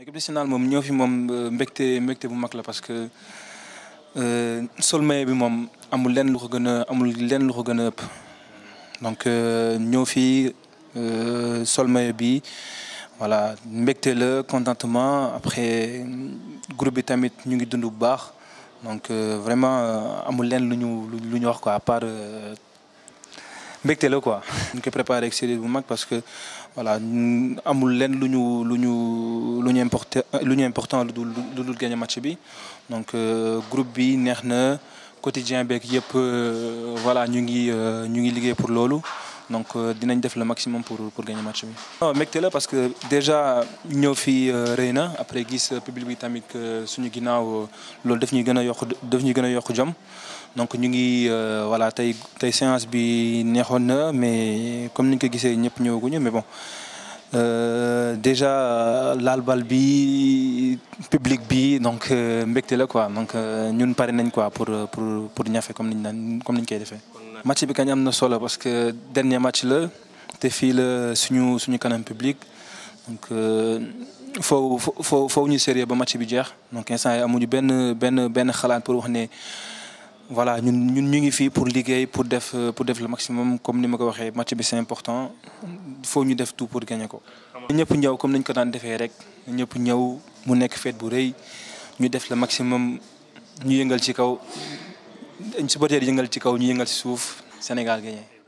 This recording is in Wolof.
équipe nationale moom ñëw fi moom euh, mbégte mbégte bu mag la parce que euh, sol maillot bi moom amul lenn lu ko gën a amul lenn lu ko gën a donc euh, ñëw fi sol maillot bi voilà mbégte la contentement après bi tamit ñu ngi dund bu baax donc vraiment amul lenn lu ñu lu ñu wax ko à part mbégte la quoi. ñu ko préparé ak bu mag parce que voilà amul lenn lu ñu. lu ñu importé lu ñu important lu dul lu dul gagné match bi donc euh, groupe bi neex na quotidien beeg yëpp euh, voilà ñu ngi euh, ñu ngi liggéey pour loolu donc dinañ def le maximum pour pour gagner match bi. non mbégte la parce que déjà ñëw fii rëy na après gis public bi tamit suñu ginnaaw loolu daf ñuy gën a yokk daf ñuy gën a yokk jom donc ñu ngi voilà tey tey séance bi neexoon na mais comme ni ñu ko gisee ñëpp ñëwaguñu mais bon. Euh, déjà euh, laal bal bi public bi donc euh, mbégte la ko donc ñun pare nañ quoi pour pour pour ñafe comme niñ naan comme niñ koy defee. match bi kañ am na solo parce que dernier match la te fii la suñu suñu kanam public donc foo foo foo ñu sérieux ba match bi jeex donc instant yi amuñu benn benn benn xalaat pour wax ne. voilà ñun ñun ñu ngi fii pour liggéey pour def pour def le maximum comme ni ma ko waxee match bi c'est important il ñu def tout pour génne ko. ñëpp ñëw comme nañ ko daan defee rek ñëpp ñëw mu nekk fête bu rëy ñu def le maximum ñu yëngal ci kaw supporters yëngal ci kaw ñu yëngal ci suuf Sénégal gagné.